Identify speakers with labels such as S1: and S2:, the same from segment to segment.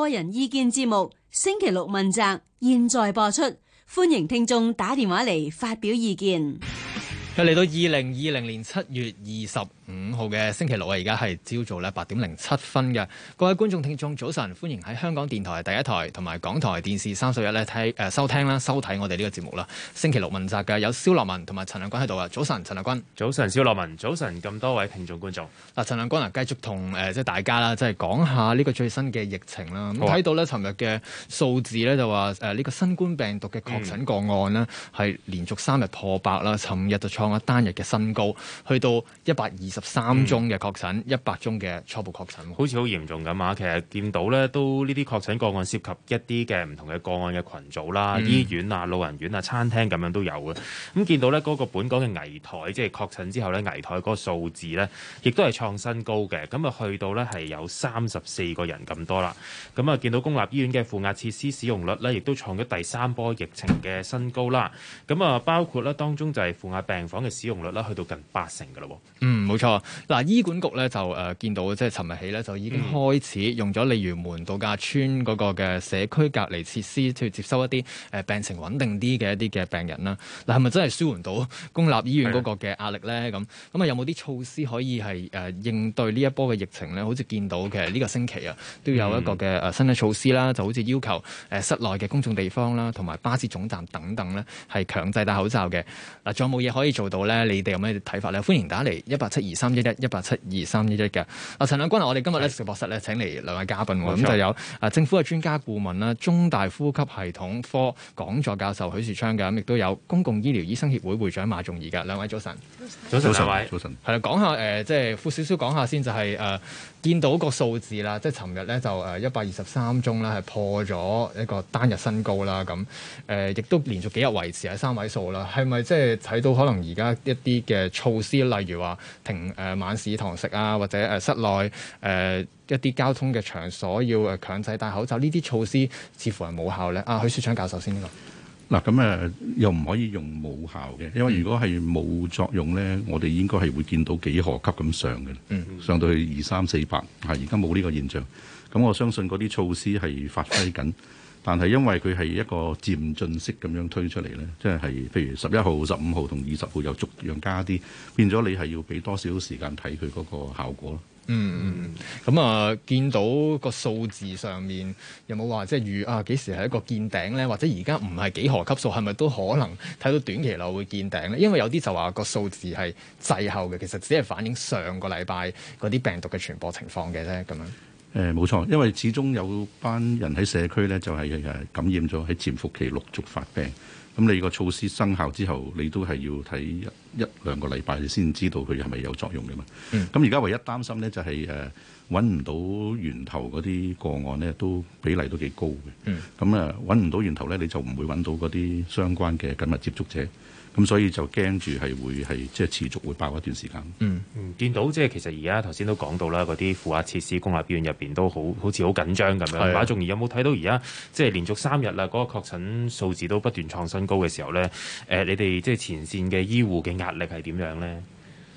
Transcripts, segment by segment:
S1: 個人意見節目星期六問責，現在播出，歡迎聽眾打電話嚟發表意見。
S2: 佢嚟到二零二零年七月二十五號嘅星期六啊，而家係朝早咧八點零七分嘅。各位觀眾、聽眾，早晨，歡迎喺香港電台第一台同埋港台電視三十一咧睇誒收聽啦、收睇我哋呢個節目啦。星期六問責嘅有蕭樂文同埋陳亮君喺度啊。早晨，陳亮君，早晨，蕭樂文，早晨，咁多位聽眾觀眾。嗱，陳亮君啊，繼續同誒、呃、即係大家啦，即係講下呢個最新嘅疫情啦。咁睇、啊、到咧，尋日嘅數字呢，就話誒呢個新冠病毒嘅確診個案呢，係、嗯、連續三日破百啦。尋日就一單日嘅新高，去到一百二十三宗嘅確診，一百、嗯、宗嘅初步確診，
S3: 好似好嚴重咁啊！其實見到咧，都呢啲確診個案涉及一啲嘅唔同嘅個案嘅群組啦，嗯、醫院啊、老人院啊、餐廳咁樣都有嘅。咁見到咧，嗰個本港嘅危殆，即、就、係、是、確診之後咧，危殆嗰個數字咧，亦都係創新高嘅。咁啊，去到咧係有三十四個人咁多啦。咁啊，見到公立醫院嘅負壓設施使用率咧，亦都創咗第三波疫情嘅新高啦。
S2: 咁啊，包括咧當中就係負壓病講嘅使用率啦，去到近八成嘅咯。嗯，冇錯。嗱，醫管局咧就誒見到，即係尋日起咧就已經開始用咗，例如門度假村嗰個嘅社區隔離設施，去接收一啲誒病情穩定啲嘅一啲嘅病人啦。嗱，係咪真係舒緩到公立醫院嗰個嘅壓力咧？咁咁啊，有冇啲措施可以係誒應對呢一波嘅疫情咧？好似見到其實呢個星期啊，都有一個嘅誒新嘅措施啦，就好似要求誒室內嘅公眾地方啦，同埋巴士總站等等咧，係強制戴口罩嘅。嗱，仲有冇嘢可以做？報道咧，你哋有咩睇法咧？歡迎打嚟一八七二三一一一八七二三一一嘅。阿陳亮君啊，我哋今日咧直播室咧，請嚟兩位嘉賓，咁錯就有啊、呃、政府嘅專家顧問啦，中大呼吸系統科講座教授許樹昌嘅，咁亦都有公共醫療醫生協會會長馬仲儀嘅。兩位早晨，早晨，早晨。早晨，係啦，講下誒，即係闊少少講下先，就係，就係誒。見到個數字啦，即係尋日咧就誒一百二十三宗啦，係破咗一個單日新高啦，咁誒亦都連續幾日維持喺三位數啦。係咪即係睇到可能而家一啲嘅措施，例如話停誒晚市堂食啊，或者誒室內誒、呃、一啲交通嘅場所要誒強制戴口罩，呢啲措施似乎係冇效咧？啊，許樹昌教授先呢、呢個。
S4: 嗱咁誒又唔可以用冇效嘅，因為如果係冇作用咧，我哋應該係會見到幾何級咁上嘅，嗯嗯、上到去二三四百。嚇，而家冇呢個現象，咁我相信嗰啲措施係發揮緊，但係因為佢係一個漸進式咁樣推出嚟咧，即係係譬如十一號十五號同二十號又逐樣加啲，變咗你係要俾多少時間睇佢嗰個效果咯。
S2: 嗯
S4: 嗯嗯，咁、嗯、啊，見到個數字上
S2: 面有冇話即係預啊幾時係一個見頂咧？或者而家唔係幾何級數，係咪都可能睇到短期內會見頂咧？因為有啲就話個數字係滯後嘅，其實只係反映上個禮拜嗰啲病毒嘅傳播情況嘅啫。咁樣。
S4: 誒，冇錯，因為始終有班人喺社區咧，就係誒感染咗喺潛伏期陸續發病。咁你個措施生效之後，你都係要睇一兩個禮拜先知道佢係咪有作用㗎嘛。嗯。咁而家唯一擔心咧就係誒揾唔到源頭嗰啲個案咧，都比例都幾高嘅。嗯。咁啊揾唔到源頭咧，你就唔會揾到嗰啲相關嘅緊密接觸者。咁所以就驚住係會係即係持續會爆一段時間。嗯，
S3: 見到即係其實而家頭先都講到啦，嗰啲負壓設施、公立醫院入邊都好好似好緊張咁樣。馬仲儀有冇睇到而家即係連續三日啦，嗰個確診數字都不斷創新高嘅時候咧？誒、呃，你哋即係前線嘅醫護嘅壓力係點樣咧？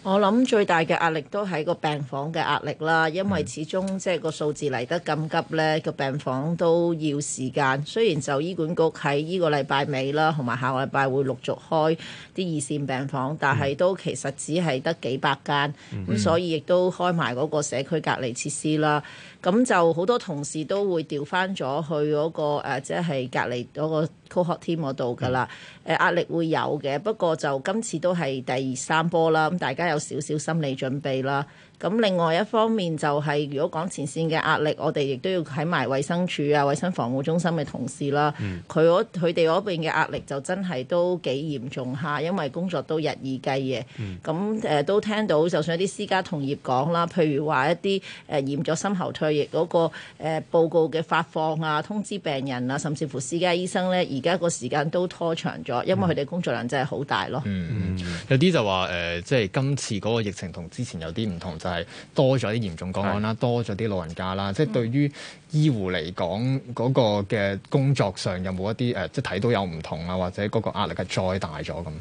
S1: 我諗最大嘅壓力都係個病房嘅壓力啦，因為始終即係個數字嚟得咁急呢，個病房都要時間。雖然就醫管局喺呢個禮拜尾啦，同埋下個禮拜會陸續開啲二線病房，但係都其實只係得幾百間，咁、嗯、所以亦都開埋嗰個社區隔離設施啦。咁就好多同事都會調翻咗去嗰、那個、呃、即係隔離嗰個 cohort team 嗰度㗎啦。誒壓是的、呃、力會有嘅，不過就今次都係第三波啦，咁大家有少少心理準備啦。咁另外一方面就係、是、如果講前線嘅壓力，我哋亦都要喺埋衛生署啊、衛生防護中心嘅同事啦。佢嗰、佢哋嗰邊嘅壓力就真係都幾嚴重下，因為工作都日以繼夜。咁誒、嗯嗯嗯、都聽到，就算有啲私家同業講啦，譬如話一啲誒、呃、染咗深喉唾液嗰個誒、呃、報告嘅發放啊、通知病人啊，甚至乎私家醫生咧，而家個時間都拖長咗，因為佢哋工作量真係好大咯。
S2: 嗯嗯，嗯有啲就話誒、呃、即係今次嗰個疫情同之前有啲唔同。.就係多咗啲嚴重個案啦，多咗啲老人家啦，即係對於醫護嚟講嗰個嘅工作上有冇一啲誒，即係睇到有唔同啊，或者嗰個壓力係再大咗咁？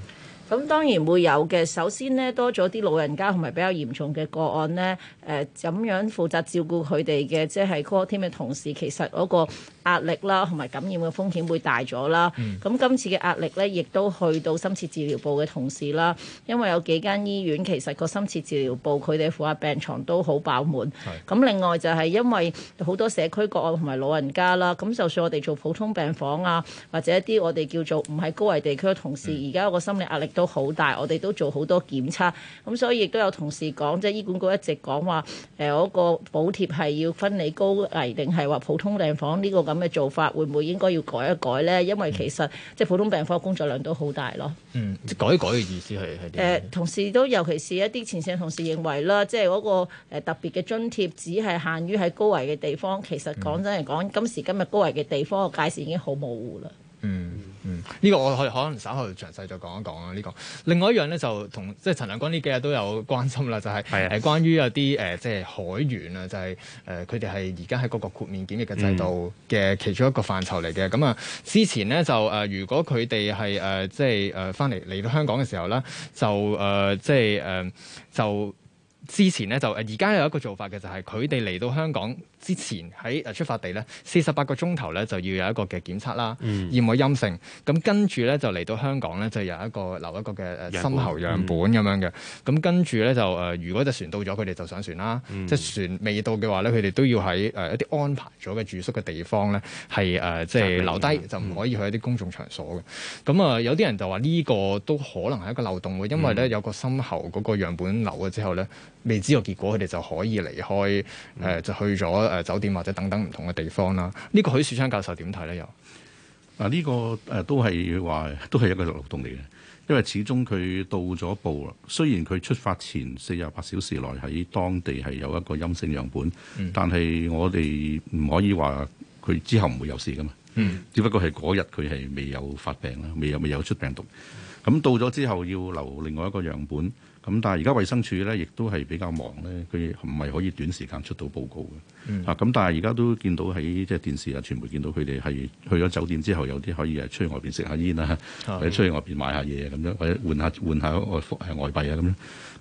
S1: 咁當然會有嘅。首先呢，多咗啲老人家同埋比較嚴重嘅個案呢，誒、呃、咁樣負責照顧佢哋嘅，即係 care team 嘅同事，其實嗰個壓力啦，同埋感染嘅風險會大咗啦。咁、嗯、今次嘅壓力呢，亦都去到深切治療部嘅同事啦，因為有幾間醫院其實個深切治療部佢哋負壓病床都好飽滿。咁是另外就係因為好多社區個案同埋老人家啦，咁就算我哋做普通病房啊，或者一啲我哋叫做唔係高危地區嘅同事，而家、嗯、有個心理壓力。都好大，我哋都做好多檢測，咁、嗯、所以亦都有同事講，即係醫管局一直講話，誒、呃、嗰、嗰個補貼係要分你高危定係話普通病房呢個咁嘅做法，會唔會應該要改一改呢？因為其實、嗯、即係普通病房工作量都好大咯。嗯，
S2: 改改嘅意思係係
S1: 點？、呃、同事都尤其是一啲前線同事認為啦，即係嗰個特別嘅津貼只係限於喺高危嘅地方，其實講真嚟講，嗯、今時今日高危嘅地方嘅界線已經好模糊啦。
S2: 呢個我可可能稍後詳細再講一講啊！呢、這個另外一樣咧就同即係陳良君呢幾日都有關心啦，就係、是、係的、呃、關於有啲誒、呃、即係海員啊，就係誒佢哋係而家喺嗰個豁免檢疫嘅制度嘅其中一個範疇嚟嘅。咁啊、嗯，之前咧就誒、呃、如果佢哋係誒即係誒翻嚟嚟到香港嘅時候咧，就、呃、誒即係誒就。呃之前咧就誒，而家有一個做法嘅就係佢哋嚟到香港之前喺誒出發地呢，四十八個鐘頭呢，就要有一個嘅檢測啦，嗯、驗為陰性。咁跟住呢，就嚟到香港呢，就有一個留一個嘅深喉樣本咁樣嘅。咁跟住呢，就、呃、誒，如果隻船到咗，佢哋就上船啦。嗯、即係船未到嘅話呢，佢哋都要喺誒一啲安排咗嘅住宿嘅地方呢，係誒，即係留低，就唔可以去一啲公眾場所嘅。咁啊，有啲人就話呢個都可能係一個漏洞喎，因為呢，有個深喉嗰個樣本留咗之後呢。未知個結果，佢哋就可以離開，誒、呃、就去咗誒、呃、酒店或者等等唔同嘅地方啦。呢、這個許樹昌教授點睇咧？又
S4: 嗱、這個，呢個誒都係話都係一個漏洞嚟嘅，因為始終佢到咗埗啦。雖然佢出發前四十八小時內喺當地係有一個陰性樣本，嗯、但係我哋唔可以話佢之後唔會有事㗎嘛。嗯，只不過係嗰日佢係未有發病啦，未有未有出病毒。咁到咗之後要留另外一個樣本，咁但係而家衞生署咧亦都係比較忙咧，佢唔係可以短時間出到報告嘅。嚇、嗯，咁、啊、但係而家都見到喺即係電視啊、傳媒見到佢哋係去咗酒店之後有啲可以係出去外邊食下煙啊，的或者出去外邊買下嘢咁樣，或者換下換下外外幣啊咁樣。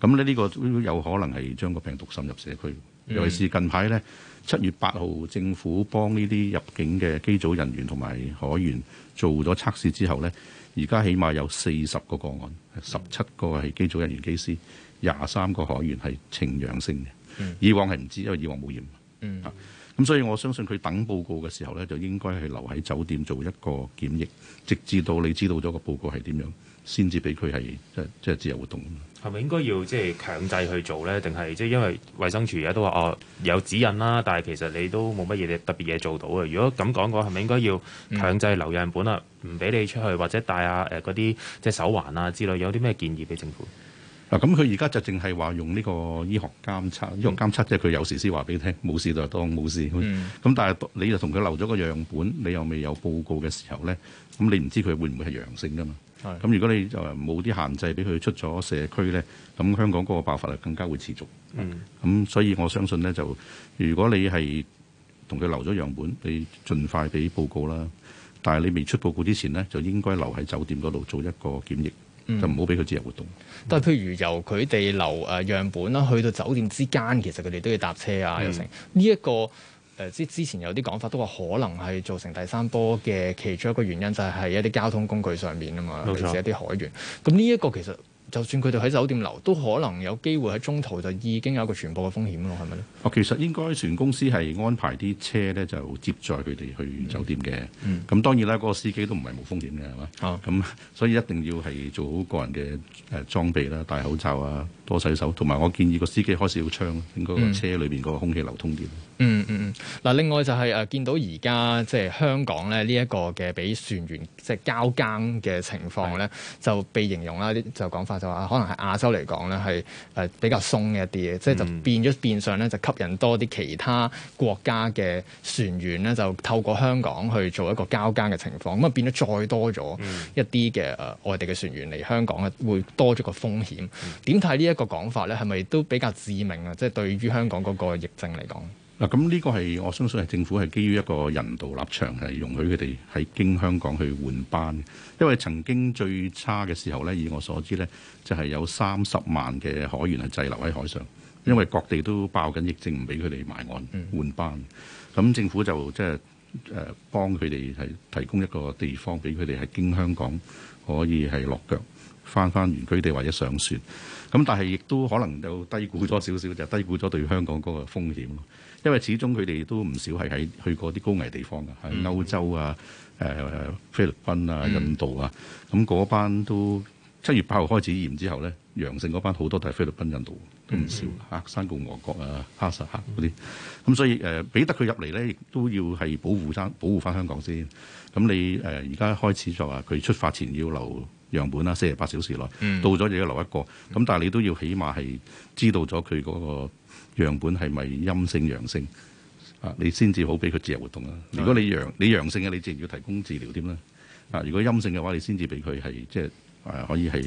S4: 咁咧呢個有可能係將個病毒滲入社區。尤其是近排咧，七月八號政府幫呢啲入境嘅機組人員同埋海員做咗測試之後咧，而家起碼有四十個個案，十七個係機組人員機師，廿三個海員係呈陽性嘅。以往係唔知，因為以往冇驗。嗯、啊。咁所以我相信佢等報告嘅時候咧，就應該係留喺酒店做一個檢疫，直至到你知道咗個報告係點樣，先至俾佢係即係即係自由活動。
S3: 係咪應該要即係強制去
S4: 做咧？定係
S3: 即係因為衛生署而家都話哦有指引啦，但係其實你都冇乜嘢特別嘢做到啊！如果咁講，嗰係咪應該要強制留樣本啊？唔俾、嗯、你出去或者帶下誒嗰啲
S4: 即係手環啊之類，有啲咩建議俾政府嗱？咁佢而家就淨係話用呢個醫學監測，醫學監測即係佢有時先話俾你聽，冇事就當冇事。咁、嗯嗯、但係你就同佢留咗個樣本，你又未有報告嘅時候咧，咁你唔知佢會唔會係陽性噶嘛？咁如果你就冇啲限制俾佢出咗社區咧，咁香港嗰個爆發就更加會持續。咁、嗯、所以我相信咧，就如果你係同佢留咗樣本，你盡快俾報告啦。但係你未出報告之前咧，就應該留喺酒店嗰度做一個檢疫，嗯、就唔好俾佢自由活動。但係譬如由佢哋留誒樣本啦，去到
S2: 酒店之間，其實佢哋都要搭車啊，有成呢一、嗯這個。誒，之前有啲講法都話可能係造成第三波嘅其中一個原因，就係一啲交通工具上面啊嘛，或者錯一啲海員。咁呢一個其實，就算佢哋喺酒店留，都可能有機會喺中途就已經有一個傳播嘅風險咯，係咪咧？
S4: 哦，其實應該船公司係安排啲車咧，就接載佢哋去酒店嘅。咁、嗯、當然啦，嗰、那個司機都唔係冇風險嘅，係嘛？咁、啊、所以一定要係做好個人嘅誒裝備啦，戴口罩啊。多洗手，同埋我建議個司機開始要窗，應該個車裏邊個空氣流通啲、嗯。嗯嗯嗯。
S2: 嗱，另外就係、是、誒、啊、見到而家即係香港咧呢一、這個嘅俾船員即係、就是、交更嘅情況咧，是就被形容啦啲就講法就話、是、可能係亞洲嚟講咧係誒比較鬆嘅一啲嘅，即、就、係、是、就變咗、嗯、變相咧就吸引多啲其他國家嘅船員咧就透過香港去做一個交更嘅情況，咁啊變咗再多咗一啲嘅誒外地嘅船員嚟香港咧會多咗個風險。點睇呢一？個講法咧，係咪都比較致命啊？即係對於香港嗰個疫症嚟講，
S4: 嗱咁呢個係我相信係政府係基於一個人道立場，係容許佢哋喺經香港去換班。因為曾經最差嘅時候咧，以我所知咧，就係有三十萬嘅海員係滯留喺海上，因為各地都爆緊疫症，唔俾佢哋埋岸換班。咁、嗯、政府就即係誒幫佢哋係提供一個地方俾佢哋係經香港可以係落腳。翻翻原區地或者上船，咁但係亦都可能就低估咗少少，就、嗯、低估咗對香港嗰個風險咯。因為始終佢哋都唔少係喺去過啲高危地方嘅，喺歐洲啊、誒、呃、菲律賓啊、印度啊，咁嗰、嗯、班都七月八號開始驗之後咧，陽性嗰班好多都係菲律賓、印度，都唔少。嗯、黑山共和國啊、哈薩克嗰啲，咁、嗯、所以誒俾得佢入嚟咧，亦、呃、都要係保護翻保護翻香港先。咁你誒而家開始就話佢出發前要留樣本啦，四十八小時內到咗就要留一個，咁但係你都要起碼係知道咗佢嗰個樣本係咪陰性陽性啊？你先至好俾佢自由活動啦。如果你陽你陽性嘅，你自然要提供治療添啦。啊，如果陰性嘅話，你先至俾佢係即係誒可以係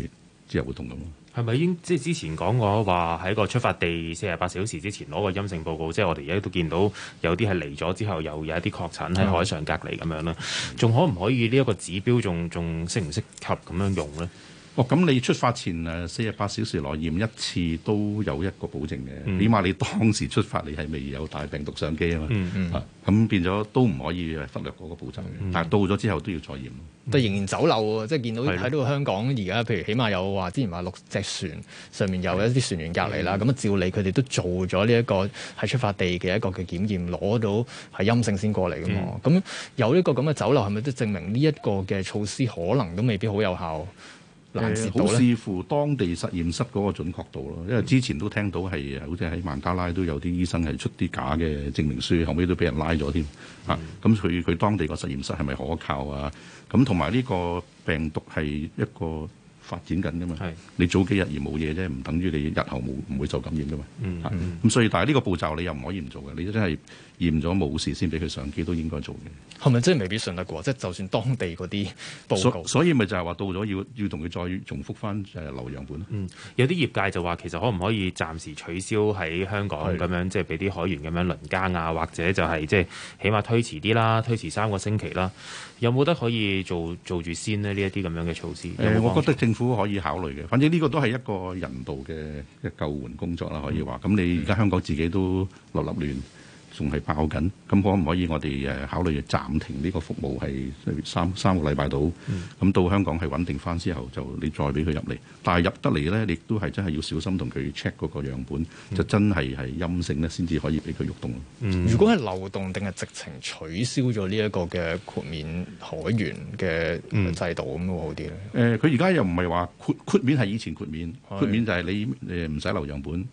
S4: 自由活動咁咯。係咪
S3: 已經即係之前講過話喺個出發地四十八小時之前攞個陰性報告？即係我哋而家都見到有啲係嚟咗之後又有一啲確診喺海
S4: 上隔離咁樣啦，仲、嗯、可唔可以呢一個指標仲仲適唔適合咁樣用呢？哦，咁你出發前誒四十八小時內驗一次都有一個保證嘅，嗯、起碼你當時出發你係未有帶病毒上機啊嘛。嗯嗯。啊，咁變咗都唔可以忽略嗰個保證嘅，嗯、但係到咗之後都要再驗。但、嗯、仍然走漏即係見到睇到香
S2: 港而家，譬的如起碼有話之前話六隻船上面有一啲船員隔離啦，咁啊的、嗯、照理佢哋都做咗呢一個喺出發地嘅一個嘅檢驗，攞到係陰性先過嚟噶嘛。咁、嗯、有呢個咁嘅走漏係咪都係證明呢一個嘅措施可能都未必好有效？
S4: 好視乎當地實驗室嗰個準確度咯，因為之前都聽到係，好似喺孟加拉都有啲醫生係出啲假嘅證明書，後尾都俾人拉咗添。嚇、啊，咁佢佢當地個實驗室係咪可靠啊？咁同埋呢個病毒係一個發展緊噶嘛，你早幾日而冇嘢啫，唔等於你日後冇唔會受感染噶嘛、啊啊啊啊啊嗯。嗯，咁所以但係呢個步驟你又唔可以唔做嘅，你都真係。驗咗冇事先俾佢上機都應該做嘅，係咪真係未必信得過？即係就算當地嗰啲報告，所以咪就係話到咗要要同佢再重複翻留樣本。嗯，有啲業界就話其實可唔可以暫時取消
S3: 喺香港咁樣，即係俾啲海員咁樣輪更啊，或者就係即係起碼推遲啲啦，推遲三個星期啦，有冇得可以做做住先呢？呢一啲咁樣嘅措施，誒，我覺得
S4: 政府可以考慮嘅。反正呢個都係一個人道嘅救援工作啦，可以話。咁你而家香港自己都立立亂，仲係爆緊，咁可唔可以我哋誒考慮暫停呢個服務係三三個禮拜到，咁、嗯、到香港係穩定翻之後，就你再俾佢入嚟。但係入得嚟咧，你都係真係要小心同佢 check 嗰個樣本，嗯、就真係係陰性咧，先至可以俾佢喐動。嗯、如果係漏動定係直情取消咗呢一個嘅豁免海員嘅制度，咁、嗯、會好啲咧？誒、呃，佢而家又唔係話豁豁免係以前豁免，的豁免就係你誒唔使留樣本。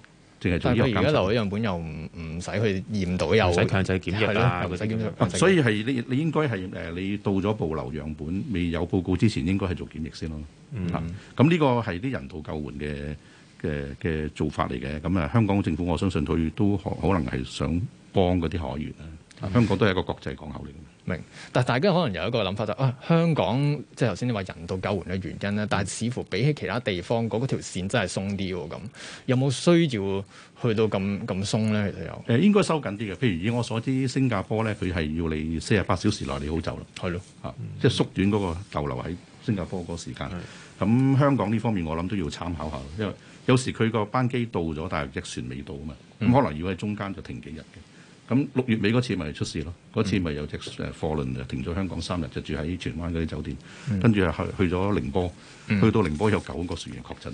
S4: 但係而家留
S2: 樣本又唔唔使去驗到，又唔使強制檢疫啊，唔使檢疫。所以
S4: 係你你應該係誒，你到咗部留樣本未有報告之前，應該係做檢疫先咯。嗯，咁呢、啊、個係啲人道救援嘅嘅嘅做法嚟嘅。咁、嗯、啊，香港政府我相信佢都可能係想幫嗰啲海員啊。香港都係一個國際港口嚟嘅。
S2: 明，但係大家可能有一個諗法就是、啊，香港即係頭先你話人道救援嘅原因咧，但係似乎比起其他地方嗰、嗰個條線真係鬆啲喎。咁，有冇需要去到
S4: 咁咁鬆咧？其實有誒，應該收緊啲嘅。譬如以我所知，新加坡咧，佢係要你四十八小時內你好走咯。係咯，嚇，即係縮短嗰個逗留喺新加坡嗰個時間。咁的香港呢方面，我諗都要參考下，因為有時佢個班機到咗，但係隻船未到啊嘛，咁可能要喺中間就停幾日嘅。咁六月尾嗰次咪出事咯，嗰次咪有隻誒貨輪就停咗香港三日，就住喺荃灣嗰啲酒店，跟住又去去咗寧波。去到寧波有九個船員確診，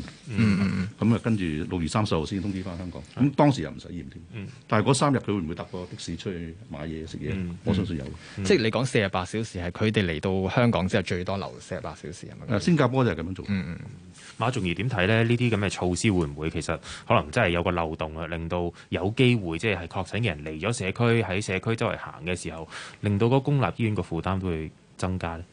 S4: 咁啊跟住六月三十號先通知翻香港。咁是當時又唔使驗添，嗯、但係嗰三日佢會唔會搭個的士出去買嘢食嘢？我相信有。嗯、
S2: 即係你講四十八小時係佢哋嚟到香港之後最多留四十八小時，係咪、嗯？
S4: 新加坡就係咁樣做。嗯嗯嗯、
S2: 馬仲儀點睇呢？呢啲咁嘅措施會唔會其實可能真係有個漏洞啊？令
S3: 到有機會即係係確診嘅人嚟咗社區喺社區周圍行嘅時候，令到嗰公立醫院個負擔都會增加呢？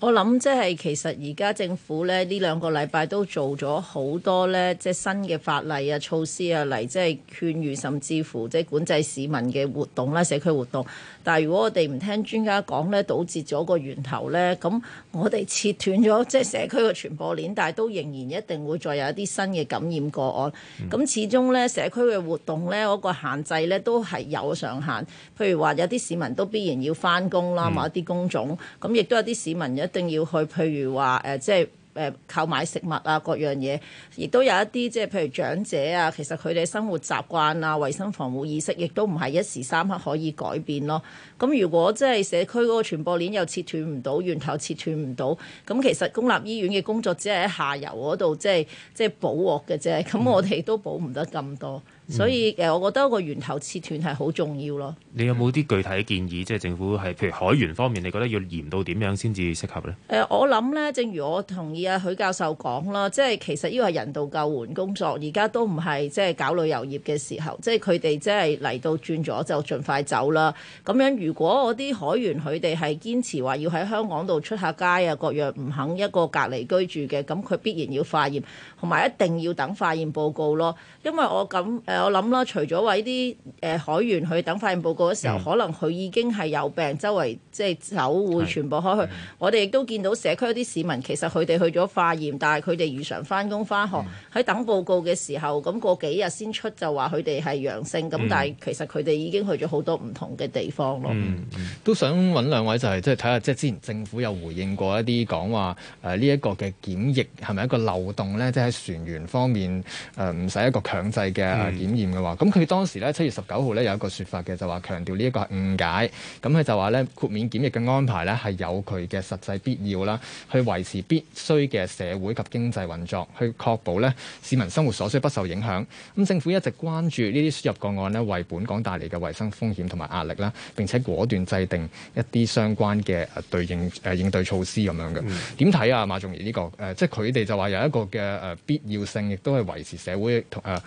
S1: 我諗即係其實而家政府咧呢兩個禮拜都做咗好多咧，即係新嘅法例啊、措施啊嚟即係勸喻甚至乎即係管制市民嘅活動啦、社區活動。但係如果我哋唔聽專家講咧，堵截咗個源頭咧，咁我哋切斷咗即係社區嘅傳播鏈，但係都仍然一定會再有一啲新嘅感染個案。咁、mm hmm. 始終咧社區嘅活動咧嗰個限制咧都係有上限。譬如話有啲市民都必然要返工啦，mm hmm. 某一啲工種咁，亦都有啲市民有、mm。Hmm. Mm 一定要去，譬如話誒，即係誒，購、就是呃、買食物啊，各樣嘢，亦都有一啲即係譬如長者啊，其實佢哋生活習慣啊，衛生防護意識，亦都唔係一時三刻可以改變咯。咁如果即係社區嗰個傳播鏈又切斷唔到，源頭切斷唔到，咁其實公立醫院嘅工作只係喺下游嗰度、就是，即係即係補鑊嘅啫。咁我哋都補唔得咁多。嗯所以誒，我覺得個源頭切斷係好重要咯。
S3: 你有冇啲具體建議，即係政府係譬如海員方面，你覺得要嚴到點樣先至適合呢？誒、
S1: 呃，我諗呢，正如我同意阿、啊、許教授講啦，即係其實呢個係人道救援工作，而家都唔係即係搞旅遊業嘅時候，即係佢哋即係嚟到轉咗就盡快走啦。咁樣如果嗰啲海員佢哋係堅持話要喺香港度出下街啊，各樣唔肯一個隔離居住嘅，咁佢必然要化驗，同埋一定要等化驗報告咯。因為我咁誒。呃我諗啦，除咗位啲誒海員去等化驗報告嘅時候，嗯、可能佢已經係有病，周圍即係走會傳播開去。嗯、我哋亦都見到社區嗰啲市民，其實佢哋去咗化驗，但係佢哋如常返工返學。喺、嗯、等報告嘅時候，咁過幾日先出就話佢哋係陽性。咁、嗯、但係其實佢哋已經去咗好多唔同嘅地方咯。嗯嗯嗯、
S2: 都想揾兩位就係即係睇下，即係之前政府有回應過一啲講話誒呢一個嘅檢疫係咪一個漏洞呢？即係喺船員方面誒唔使一個強制嘅檢驗嘅話，咁佢當時咧七月十九號咧有一個說法嘅，就話強調呢一個係誤解。咁佢就話咧豁免檢疫嘅安排咧係有佢嘅實際必要啦，去維持必須嘅社會及經濟運作，去確保咧市民生活所需不受影響。咁政府一直關注呢啲輸入個案咧為本港帶嚟嘅衞生風險同埋壓力啦，並且果斷制定一啲相關嘅誒對應誒、呃、應對措施咁樣嘅。點睇、嗯、啊馬仲儀呢、這個誒、呃，即係佢哋就話有一個嘅誒必要性，亦都係維持社會同誒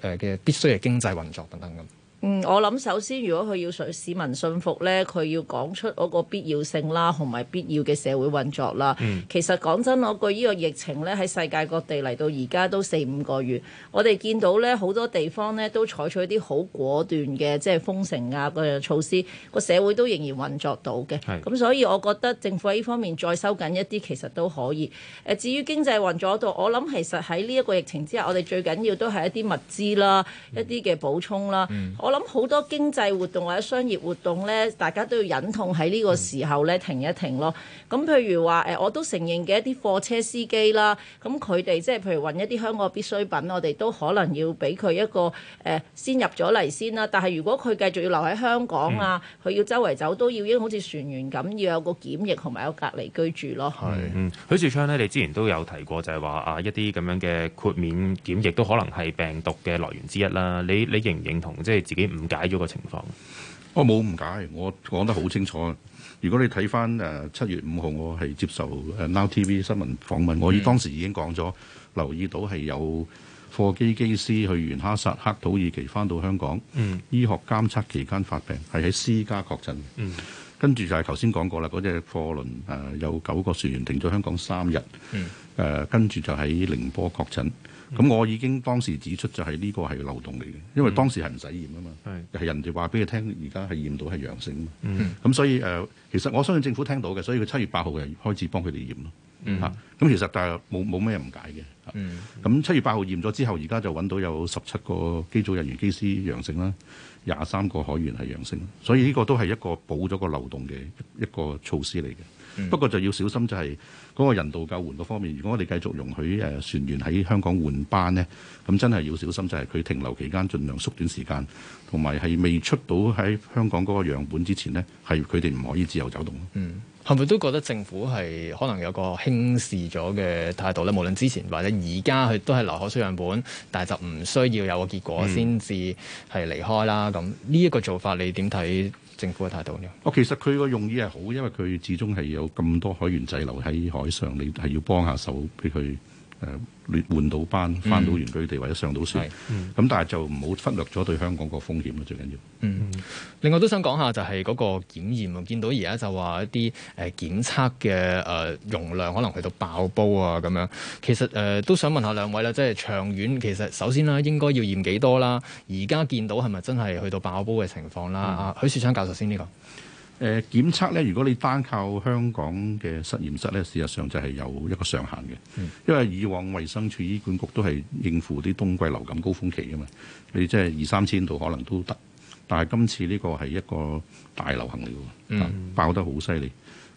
S2: 誒嘅。必須係經濟運作等等咁。
S1: 嗯，我諗首先，如果佢要使市民信服咧，佢要講出嗰個必要性啦，同埋必要嘅社會運作啦。嗯、其實講真，我覺依個疫情咧喺世界各地嚟到而家都四五個月，我哋見到咧好多地方咧都採取一啲好果斷嘅即係封城啊嘅、嗰樣、措施，個社會都仍然運作到嘅。咁是所以我覺得政府喺呢方面再收緊一啲，其實都可以。誒、呃，至於經濟運作度，我諗其實喺呢一個疫情之下，我哋最緊要都係一啲物資啦，嗯、一啲嘅補充啦。嗯咁好多經濟活動或者商業活動咧，大家都要忍痛喺呢個時候咧停一停咯。咁譬如話誒、呃，我都承認嘅一啲貨車司機啦，咁佢哋即係譬如運一啲香港必需品，我哋都可能要俾佢一個誒、呃、先入咗嚟先啦。但係如果佢繼續要留喺香港啊，佢、嗯、要周圍走都要已經好似船員咁，要有個檢疫同埋有隔離居住咯。係、嗯，
S3: 許樹昌呢，你之前都有提過就係話啊，一啲咁樣嘅豁免檢疫都可能係病毒嘅來源之一啦。你你，你認
S4: 唔認同即係？自己誤解咗個情況，我冇誤解，我講得好清楚。如果你睇翻誒七月五號，我係接受 now TV 新聞訪問，我當時已經講咗，留意到係有貨機機師去完哈薩克、土耳其翻到香港，嗯，醫學監測期間發病，係喺私家確診。嗯，跟住就係頭先講過啦，嗰隻貨輪有九個船員停咗香港三日，嗯，誒跟住就喺寧波確診。咁、嗯、我已經當時指出就係呢個係漏洞嚟嘅，因為當時係唔使驗啊嘛，係是人哋話俾佢聽，而家係驗到係陽性啊嘛，咁、嗯、所以誒、呃，其實我相信政府聽到嘅，所以佢七月八號就開始幫佢哋驗咯嚇。咁、嗯啊、其實但係冇冇咩唔解嘅，咁、啊、七、嗯、月八號驗咗之後，而家就揾到有十七個機組人員、機師陽性啦，廿三個海員係陽性，所以呢個都係一個補咗個漏洞嘅一個措施嚟嘅。不過就要小心，就係嗰個人道救援嗰方面。如果我哋繼續容許誒船員喺香港換班呢，咁真係要小心，就係佢停留期間盡量縮短時間，同埋係未出到喺香港嗰個樣本之前呢，係佢哋唔可以自由走動。嗯，係咪都覺
S2: 得政府係可能有個輕視咗嘅態度呢？無論之前或者而家，佢都係留口水樣本，但係就唔需要有個結果先至係離開啦。咁呢一個做法，你點睇？政府嘅態度呢？
S4: 我其實佢個用意係好，因為佢始終係有咁多海員滯留喺海上，你係要幫下手俾佢。誒換到班，翻到原居地或者上到世咁，嗯、但係就唔好忽略咗對香港個風險咯。最緊要嗯，
S2: 另外都想講下就係嗰個檢驗，見到而家就話一啲誒檢測嘅誒容量可能去到爆煲啊咁樣。其實誒、呃、都想問下兩位啦，即係長遠其實首先啦，應該要驗幾多啦？而家見
S4: 到係咪真係去到爆煲嘅情況啦？阿、啊、許樹昌教授先呢、呢個。誒、呃、檢測咧，如果你單靠香港嘅實驗室咧，事實上就係有一個上限嘅，嗯、因為以往衛生署醫管局都係應付啲冬季流感高峰期啊嘛。你即係二三千度可能都得，但係今次呢個係一個大流行嚟嘅，嗯、爆得好犀利，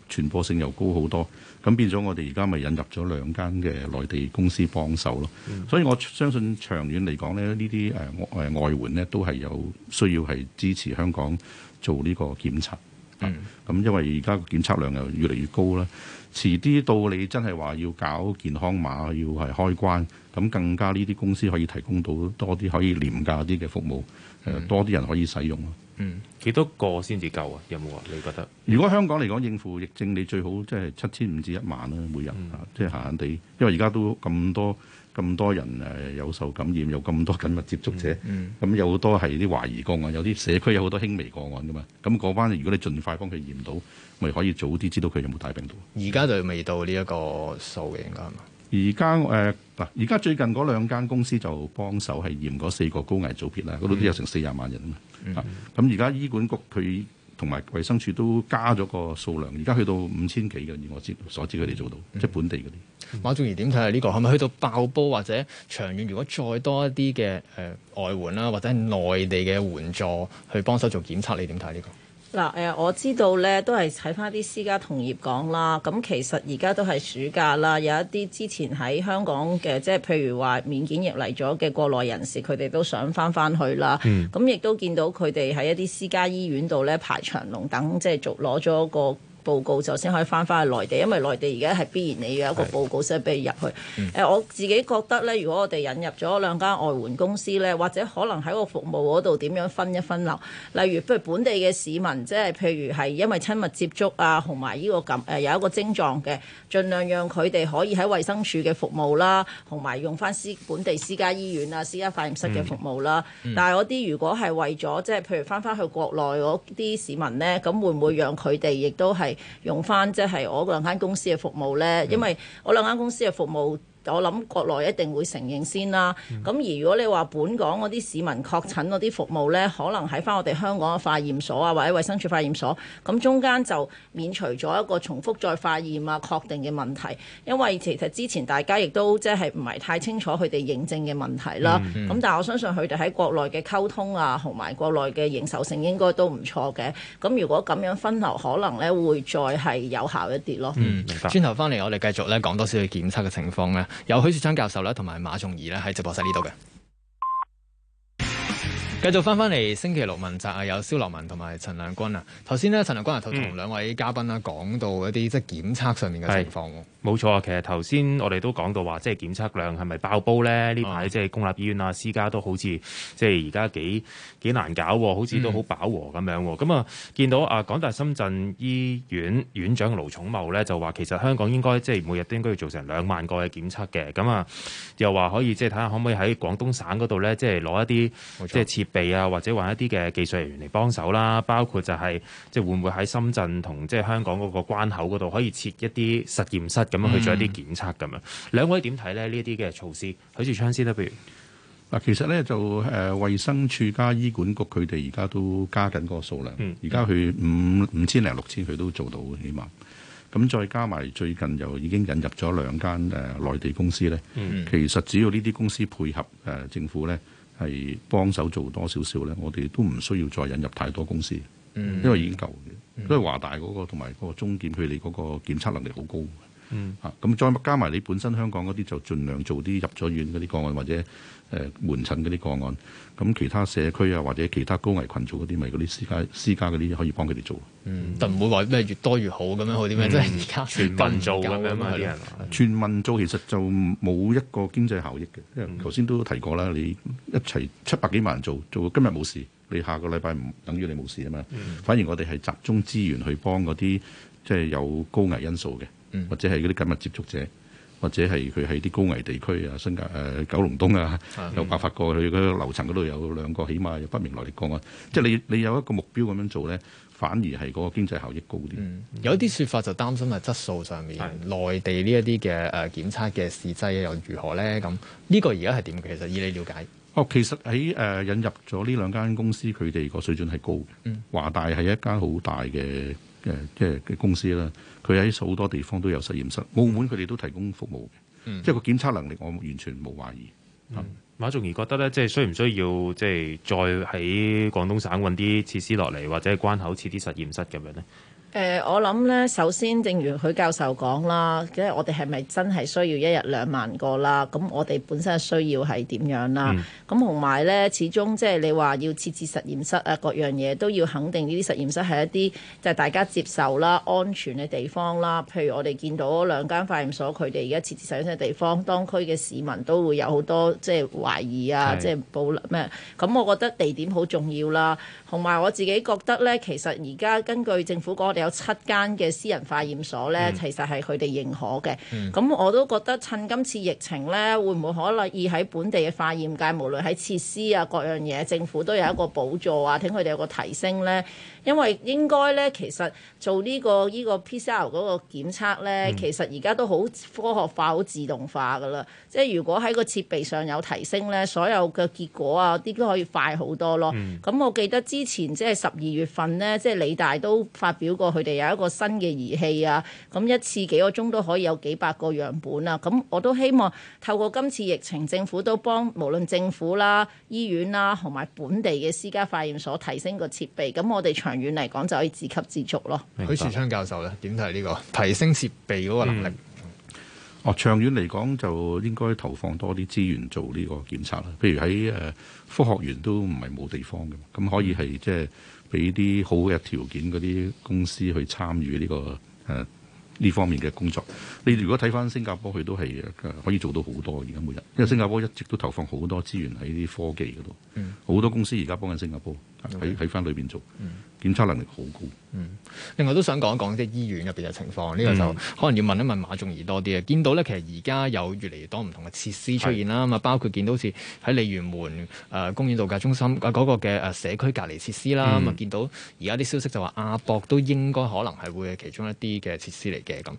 S4: 傳播性又高好多。咁變咗我哋而家咪引入咗兩間嘅內地公司幫手咯。所以我相信長遠嚟講咧，呢啲誒誒外援咧都係有需要係支持香港做呢個檢測。嗯，咁因為而家個檢測量又越嚟越高啦，遲啲到你真係話要搞健康碼，要係開關，咁更加呢啲公司可以提供到多啲可以廉價啲嘅服務，誒、嗯、多啲人可以使用咯。嗯，幾多個先至夠啊？有冇啊？你覺得？如果香港嚟講應付疫症，你最好即係七千五至一萬啦、啊，每日啊，即係閒閒哋，因為而家都咁多。咁多人誒有受感染，有咁多緊密接觸者，咁、嗯嗯、有好多係啲懷疑個案，有啲社區有好多輕微個案噶嘛，咁嗰班如果你盡快幫佢驗到，咪可以早啲知道佢有冇帶病毒。而家就未到呢一個數嘅，應該係嘛？而家誒，嗱，而、呃、家最近嗰兩間公司就幫手係驗嗰四個高危組別啦，嗰度都有成四十萬人、嗯、啊嘛，咁而家醫管局佢。同埋衞生署都加咗個數量，而家去到五千幾嘅，而我知所知佢哋做到，即係、嗯、本地嗰啲。嗯、馬仲儀點睇下呢個？
S2: 係咪去到爆煲或者長遠？如果再多一啲嘅誒外援啦，或者係內地嘅援助去幫手做檢測，你點睇呢個？
S1: 嗱誒、呃，我知道咧，都係睇翻啲私家同業講啦。咁其實而家都係暑假啦，有一啲之前喺香港嘅，即係譬如話免檢疫嚟咗嘅國內人士，佢哋都想翻翻去啦。咁亦、嗯、都見到佢哋喺一啲私家醫院度咧排長龍等，即係做、攞咗個報告就先可以翻返去內地，因為內地而家係必然你要一個報告先俾你入去。誒的、呃，我自己覺得咧，如果我哋引入咗兩間外援公司咧，或者可能喺個服務嗰度點樣分一分流，例如譬如本地嘅市民，即係譬如係因為親密接觸啊，同埋呢個咁誒、呃、有一個症狀嘅，盡量讓佢哋可以喺衛生署嘅服務啦，同埋用翻私本地私家醫院啊、私家化驗室嘅服務啦。嗯、但係嗰啲如果係為咗即係譬如翻返去國內嗰啲市民咧，咁會唔會讓佢哋亦都係？用翻即係我兩間公司嘅服務咧，因為我兩間公司嘅服務。我諗國內一定會承認先啦。咁、嗯、而如果你話本港嗰啲市民確診嗰啲服務呢，可能喺翻我哋香港嘅化驗所啊，或者衞生署化驗所，咁中間就免除咗一個重複再化驗啊、確定嘅問題。因為其實之前大家亦都即係唔係太清楚佢哋認證嘅問題啦。咁、嗯嗯、但係我相信佢哋喺國內嘅溝通啊，同埋國內嘅認受性應該都唔錯嘅。咁如果咁樣分流，可能呢會再係有效一啲咯。嗯，明
S2: 白。轉頭翻嚟，我哋繼續咧講多少去檢測嘅情況咧。有許樹昌教授咧，同埋馬仲儀咧喺直播室呢度嘅。繼續翻翻嚟星期六問責啊，有蕭樂文同埋陳亮軍啊。頭先咧，陳亮軍啊，頭同兩位嘉賓啦，講到一啲即係檢測上面嘅情況
S3: 冇錯啊！其實頭先我哋都講到話，即係檢測量係咪爆煲咧？呢排、嗯、即係公立醫院啊、私家都好似即係而家幾幾難搞，好似都好飽和咁樣。咁、嗯、啊，見到啊港大深圳醫院院長盧寵茂咧，就話其實香港應該即係每日都應該要做成兩萬個嘅檢測嘅。咁啊，又話可以即係睇下可唔可以喺廣東省嗰度咧，即係攞一啲錯即係設備啊，或者搵一啲嘅技術人員嚟幫手啦。包括就係、是、即係會唔會喺深圳同即係香港嗰個關口嗰度可以設一啲實驗室。咁樣去做一啲檢測咁啊，兩、嗯、位點睇咧？呢一啲嘅措施，許
S4: 樹昌先啦，譬如嗱，其實咧就誒、呃，衞生署加醫管局佢哋而家都加緊嗰個數量，而家佢五五千零六千佢都做到，起碼咁再加埋最近又已經引入咗兩間誒內地公司咧。嗯、其實只要呢啲公司配合誒、呃、政府咧，係幫手做多少少咧，我哋都唔需要再引入太多公司，嗯、因為已經夠嘅。嗯、因為華大嗰、那個同埋個中檢，佢哋嗰個檢測能力好高。嗯，吓咁再加埋你本身香港嗰啲就盡量做啲入咗院嗰啲個案或者誒門診嗰啲個案，咁、呃、其他社區啊或者其他高危群組嗰啲，咪嗰啲私家私家嗰啲可以幫佢哋做。嗯，但唔會話咩越多越好咁樣好啲咩？嗯、即係而
S2: 家全民做咁樣啲人。
S4: 全民做其實就冇一個經濟效益嘅，嗯、因為頭先都提過啦，你一齊七百幾萬人做，做到今日冇事，你下個禮拜唔等於你冇事啊嘛。嗯、反而我哋係集中資源去幫嗰啲即係有高危因素嘅。或者係嗰啲緊密接觸者，或者係佢喺啲高危地區啊，新界誒、呃、九龍東啊，有爆發過佢嗰樓層嗰度有兩個，起碼有不明來歷個案。嗯、即係你你有一個目標咁樣做咧，反而係嗰個經濟效益高啲。嗯。
S2: 有啲説法就擔心係質素上面，的內地呢一啲嘅誒檢測嘅試劑又如何咧咁呢個而家係點？其實以你了解，
S4: 哦，其實喺誒、呃、引入咗呢兩間公司，佢哋個水準係高嘅。嗯、華大係一間好大嘅。誒，即係嘅公司啦，佢喺好多地方都有實驗室，澳門佢哋都提供服務嘅，嗯、即係個檢測能力，我完全冇懷疑。嗯嗯、
S3: 馬仲儀覺得咧，即係需唔需要即係再喺廣東省揾啲設施落嚟，或者關口設啲實驗室咁樣咧？
S1: 誒、呃，我諗咧，首先正如許教授講啦，即係我哋係咪真係需要一日兩萬個啦？咁我哋本身嘅需要係點樣啦？咁同埋咧，始終即係你話要設置實驗室啊，各樣嘢都要肯定呢啲實驗室係一啲就係、是、大家接受啦、安全嘅地方啦。譬如我哋見到兩間化驗所，佢哋而家設置實驗室嘅地方，當區嘅市民都會有好多即係懷疑啊，是即係報咩？咁我覺得地點好重要啦。同埋我自己覺得咧，其實而家根據政府有七間嘅私人化驗所咧，其實係佢哋認可嘅。咁、嗯、我都覺得趁今次疫情咧，會唔會可能而喺本地嘅化驗界，無論喺設施啊各樣嘢，政府都有一個補助啊，等佢哋有個提升咧。因為應該咧，其實做、這個這個、個呢個呢個 PCR 嗰個檢測咧，其實而家都好科學化、好自動化㗎啦。即係如果喺個設備上有提升咧，所有嘅結果啊，啲都可以快好多咯。咁、嗯、我記得之前即係十二月份咧，即係理大都發表過。佢哋有一個新嘅儀器啊，咁一次幾個鐘都可以有幾百個樣本啊，咁我都希望透過今次疫情，政府都幫無論政府啦、醫院啦，同埋本地嘅私家化驗所提升個設備，咁我哋長遠嚟講就可以自給自足咯。許樹
S2: 昌教授呢，點睇呢個
S4: 提升設備嗰個能力？哦，長遠嚟講就應該投放多啲資源做呢個檢測啦，譬如喺誒科學園都唔係冇地方嘅，咁可以係即係。俾啲好嘅條件，嗰啲公司去參與呢、呢個誒呢、啊、方面嘅工作。你如果睇翻新加坡，佢都係、啊、可以做到好多，而家每日，因為新加坡一直都投放好多資源喺啲科技嗰度，好、嗯、多公司而家幫緊新加坡喺喺翻裏邊做。嗯嗯檢測能力好高。嗯，另
S2: 外都想講一講即係醫院入邊嘅情況。呢、嗯、個就可能要問一問馬仲儀多啲啊。見到咧，其實而家有越嚟越多唔同嘅設施出現啦。咁啊的，包括見到好似喺鯉魚門誒、呃、公園度假中心嗰、呃那個嘅誒社區隔離設施啦。咁啊、嗯，見到而家啲消息就話亞博都應該可能係會係其中一啲嘅設施嚟嘅咁。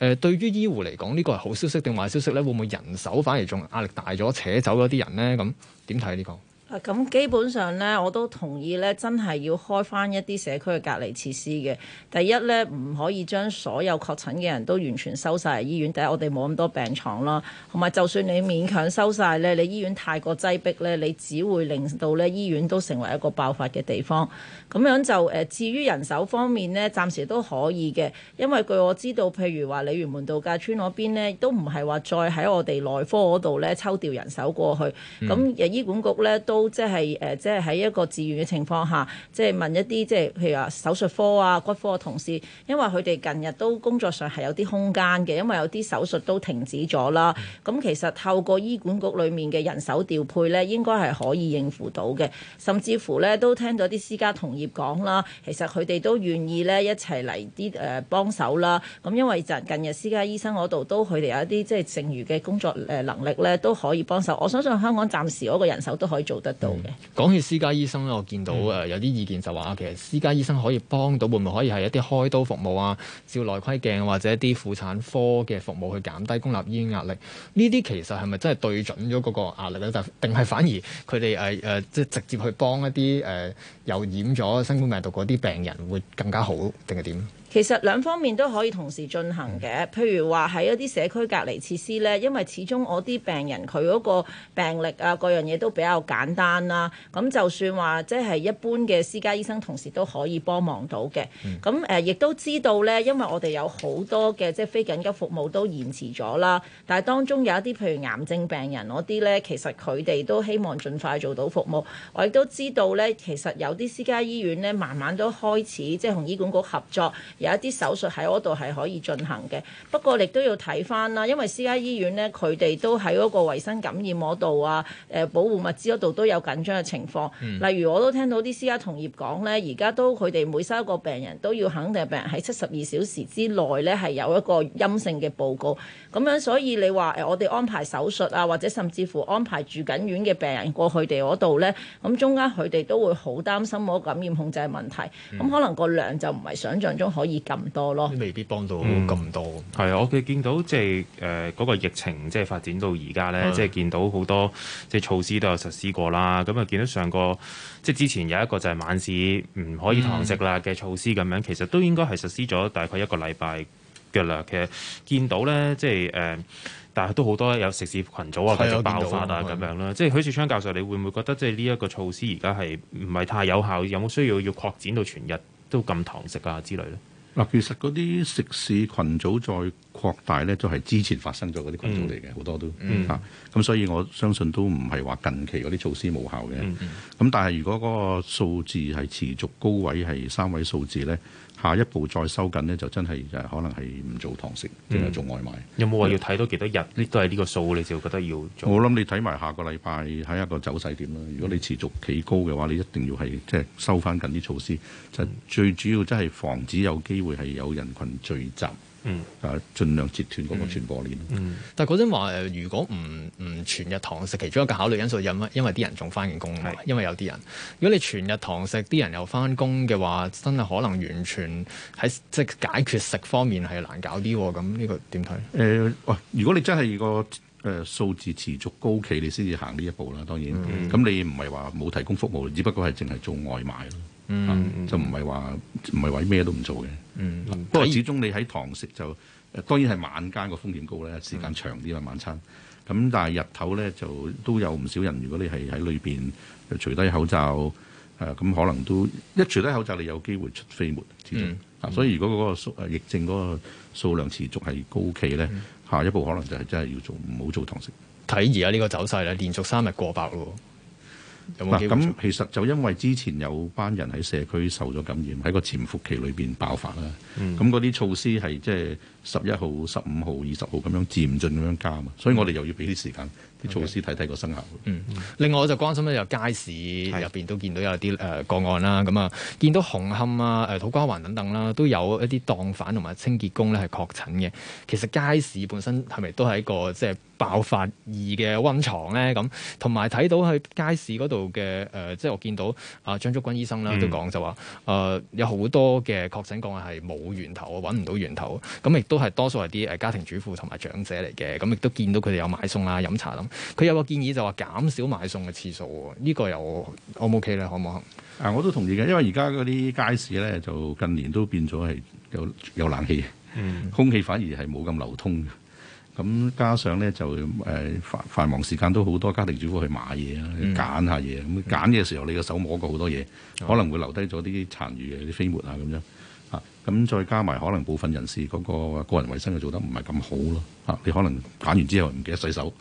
S2: 誒，對於醫護嚟講，呢、這個係好消息定壞消息咧？會唔會人手反而仲壓力大咗，扯走咗啲人咧？咁點睇呢個？
S1: 咁基本上咧，我都同意咧，真係要開翻一啲社區嘅隔離設施嘅。第一咧，唔可以將所有確診嘅人都完全收晒嚟醫院。第一，我哋冇咁多病床啦。同埋，就算你勉強收晒咧，你醫院太過擠迫咧，你只會令到咧醫院都成為一個爆發嘅地方。咁樣就誒、呃、至於人手方面咧，暫時都可以嘅，因為據我知道，譬如話鯉魚門度假村嗰邊咧，都唔係話再喺我哋內科嗰度咧抽調人手過去。咁誒、嗯，醫管局咧都。即係誒，即係喺一個自願嘅情況下，即係問一啲即係譬如話手術科啊、骨科嘅同事，因為佢哋近日都工作上係有啲空間嘅，因為有啲手術都停止咗啦。咁、嗯、其實透過醫管局裏面嘅人手調配咧，應該係可以應付到嘅。甚至乎咧都聽到啲私家同業講啦，其實佢哋都願意咧一齊嚟啲誒幫手啦。咁、嗯、因為就近日私家醫生嗰度都佢哋有一啲即係剩餘嘅工作誒能力咧，都可以幫手。我相信香港暫時嗰個人手都可以做得到。到
S2: 嘅。講起私家醫生咧，我見到誒、呃、有啲意見就話，其實私家醫生可以幫到，會唔會可以係一啲開刀服務啊、照內窺鏡或者一啲婦產科嘅服務去減低公立醫院壓力？呢啲其實係咪真係對準咗嗰個壓力咧？定定係反而佢哋誒誒即係直接去幫一啲誒、呃、又染咗新冠病毒嗰啲病人會更加好定係點？
S1: 其實兩方面都可以同時進行嘅，譬如話喺一啲社區隔離設施呢，因為始終我啲病人佢嗰個病歷啊，各樣嘢都比較簡單啦、啊。咁就算話即係一般嘅私家醫生同時都可以幫忙到嘅。咁誒、嗯，亦、呃、都知道呢，因為我哋有好多嘅即係非緊急服務都延遲咗啦。但係當中有一啲譬如癌症病人，嗰啲呢，其實佢哋都希望盡快做到服務。我亦都知道呢，其實有啲私家醫院呢，慢慢都開始即係同醫管局合作。有一啲手術喺嗰度係可以進行嘅，不過亦都要睇返啦，因為私家醫院咧，佢哋都喺嗰個衞生感染嗰度啊，誒、呃、保護物資嗰度都有緊張嘅情況。嗯、例如我都聽到啲私家同業講咧，而家都佢哋每收一個病人，都要肯定病人喺七十二小時之內咧係有一個陰性嘅報告。咁樣所以你話誒、呃，我哋安排手術啊，或者甚至乎安排住緊院嘅病人過佢哋嗰度咧，咁中間佢哋都會好擔心個感染控制問題。咁可能個量就唔係想像中可以。嗯咁
S2: 多咯，未必幫到咁
S3: 多。係啊，我哋見到即係誒嗰個疫情即係發展到而家咧，即係見到好多即係措施都有實施過啦。咁啊，見到上個即係之前有一個就係晚市唔可以堂食啦嘅措施咁樣，嗯、其實都應該係實施咗大概一個禮拜嘅啦。其實見到咧，即係誒、呃，但係都好多有食肆
S4: 群組啊繼續的爆發啊咁樣啦。
S3: 即係許樹昌教授，你會唔會覺得即係呢一個措施而家係唔係太有效？有冇需要要擴展到全日都禁堂食啊之類咧？
S4: 嗱，其實嗰啲食肆群組再擴大咧，都係之前發生咗嗰啲群組嚟嘅，好多都嚇。咁所以我相信都唔係話近期嗰啲措施無效嘅。咁但係如果嗰個數字係持續高位係三位數字咧，下一步再收緊咧，就真係可能係唔做堂食，淨係做外賣。有冇話要睇到幾多日？呢都係呢個數，你就覺得要。我諗你睇埋下個禮拜睇一個走勢點啦。如果你持續企高嘅話，你一定要係即係收翻緊啲措施。就最主要真係防止有機會。會係有人群聚集，嗯，啊，盡量截斷嗰個傳播鏈。嗯，嗯，但嗰陣話，如果唔
S2: 唔全日堂食，其中一個考慮因素係因，因為啲人仲返緊工，因為有啲人，如果你全日堂食，啲人又返工嘅話，真係可能完全喺即解決食方面係難搞啲。咁呢個點睇？
S4: 誒喂、呃呃，如果你真係個誒、呃、數字持續高企，你先至行呢一步啦。當然，咁、嗯嗯、你唔係話冇提供服務，只不過係淨係做外賣咯。嗯，就唔係話唔係話咩都唔做嘅。嗯，不過始終你喺堂食就當然係晚間個風險高咧，嗯、時間長啲啊晚餐。咁但係日頭咧就都有唔少人。如果你係喺裏邊除低口罩，誒、呃、咁可能都一除低口罩，你有機會出飛沫。始終嗯。啊、嗯，所以如果嗰個疫症嗰個數量持續係高企咧，嗯、下一步可能就係真係要做，唔好做堂食。睇而家呢個走勢咧，連續三日過百咯。嗱，咁其實就因為之前有班人喺社區受咗感染，喺個潛伏期裏邊爆發啦。嗯。咁嗰啲措施係即係。就是十一號、十五號、二十號咁樣漸進咁樣加嘛，所以我哋又要俾啲時間啲措施睇睇個生效。Okay. 嗯，嗯另外我就關心呢由街市入邊都見到有啲誒
S2: 個案啦，咁啊的、呃，見到紅磡啊、誒土瓜灣等等啦、啊，都有一啲檔販同埋清潔工咧係確診嘅。其實街市本身係咪都係一個即係爆發二嘅溫床咧？咁同埋睇到去街市嗰度嘅誒，即係我見到啊張竹君醫生啦、啊、都講就話誒、嗯呃，有好多嘅確診個案係冇源頭，揾唔到源頭，咁亦都。都係多數係啲誒家庭主婦同埋長者嚟嘅，咁亦都見到佢哋有買餸啊、飲茶。咁佢有個建議就話減少買餸嘅次數喎，呢個又 O 唔 OK 咧？可唔可？
S4: 啊，我都同意嘅，因為而家嗰啲街市咧，就近年都變咗係有有冷氣，空氣反而係冇咁流通。咁加上咧就誒繁繁忙時間都好多家庭主婦去買嘢去揀下嘢，咁揀嘅時候，你個手摸過好多嘢，可能會留低咗啲殘餘嘅啲飛沫啊咁樣。咁再加埋可能部分人士嗰個個人衞生就做得唔係咁好咯，嚇、啊、你可能揀完之後唔記得洗手，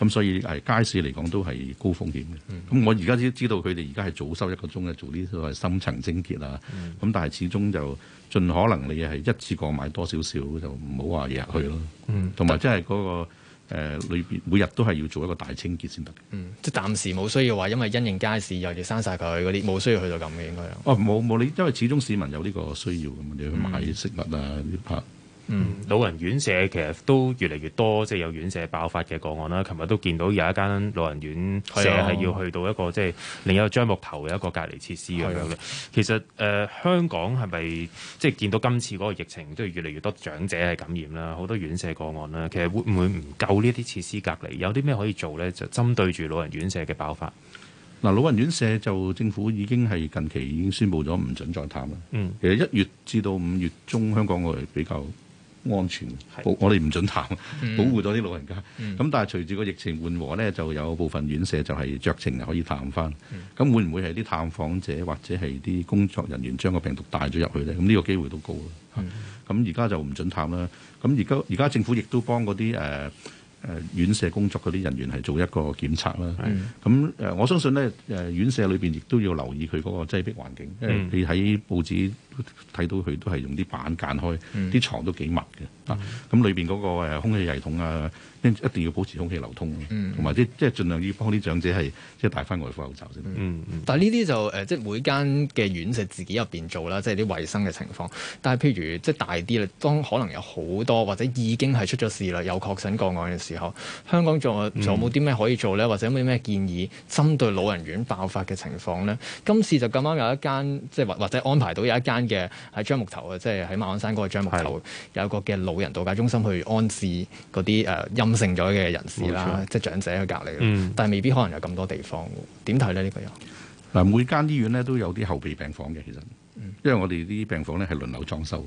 S4: 咁、啊、所以誒街市嚟講都係高風險嘅。咁、嗯啊、我而家先知道佢哋而家係早收一個鐘嘅，做呢個係深層清潔啦。咁、啊啊、但係始終就盡可能你係一次過買多少少就唔好話日日去咯。啊、嗯，同埋即係嗰個。誒裏邊每日都係要做一個大清潔先得嘅。嗯，即係暫時冇需要話，因為因應街市又要閂晒佢嗰啲，冇需要去到咁嘅，應該。哦、啊，冇冇你，因為始終市民有呢個需要，咁你去買食物啊拍。嗯啊
S3: 嗯，老人院舍其實都越嚟越多，即係有院舍爆發嘅個案啦。琴日都見到有一間老人院舍係要去到一個即係另一個樟木頭嘅一個隔離設施咁樣咧。其實誒、呃，香港係咪即係見到今次嗰個疫情都越嚟越多長者係感染啦，好多院舍個案啦。其實會唔會唔夠呢啲設施隔離？有啲
S4: 咩可以做咧？就針對住老人院舍嘅爆發。嗱，老人院舍就政府已經係近期已經宣布咗唔准再探啦。嗯，其實一月至到五月中，香港我哋比較，安全，的我我哋唔准探，嗯、保護咗啲老人家。咁、嗯、但係隨住個疫情緩和咧，就有部分院舍就係酌情可以探翻。咁、嗯、會唔會係啲探訪者或者係啲工作人員將個病毒帶咗入去咧？咁呢個機會都高咯。咁而家就唔准探啦。咁而家而家政府亦都幫嗰啲誒誒院舍工作嗰啲人員係做一個檢測啦。咁誒、嗯、我相信咧誒、呃、院舍裏邊亦都要留意佢嗰個擠迫環境，因為你喺報紙。睇到佢都係用啲板間開，啲、嗯、床都幾密嘅、嗯、啊！咁裏邊嗰個空氣系統啊，一定要保持空氣流通，同埋即即係盡量要幫啲長者係即係戴翻外科口罩先。嗯嗯、但係呢啲就誒、呃、即
S2: 係每間嘅院舍自己入邊做啦，即係啲衞生嘅情況。但係譬如即係大啲啦，當可能有好多或者已經係出咗事啦，有確診個案嘅時候，香港仲仲有冇啲咩可以做咧？或者有冇啲咩建議針對老人院爆發嘅情況咧？今次就咁啱有一間即係或或者安排到有一間，嘅喺樟木頭啊，即係喺馬鞍山嗰個樟木頭，是有一個嘅老人度假中心去安置嗰啲誒陰性咗嘅人士啦，錯即
S4: 係長者去隔離，嗯、但係未必可能有咁多地方，點睇呢？呢個又嗱，每間醫院咧都有啲後備病房嘅，其實，因為我哋啲病房咧係輪流裝修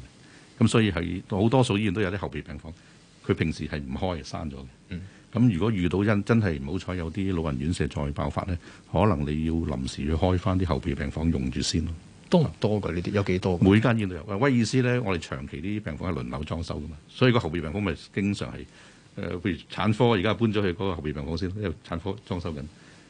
S4: 嘅，咁所以係好多數醫院都有啲後備病房，佢平時係唔開，嘅，閂咗嘅。咁如果遇到因真係唔好彩有啲老人院舍再爆發咧，可能你要臨時去開翻啲後備病房用住先咯。都多唔多嘅呢啲？有幾多？每間醫院都有。威爾斯咧，我哋長期啲病房係輪流裝修嘅嘛，所以個後備病房咪經常係誒、呃，譬如產科，而家搬咗去嗰個後備病房先，因為產科裝修緊。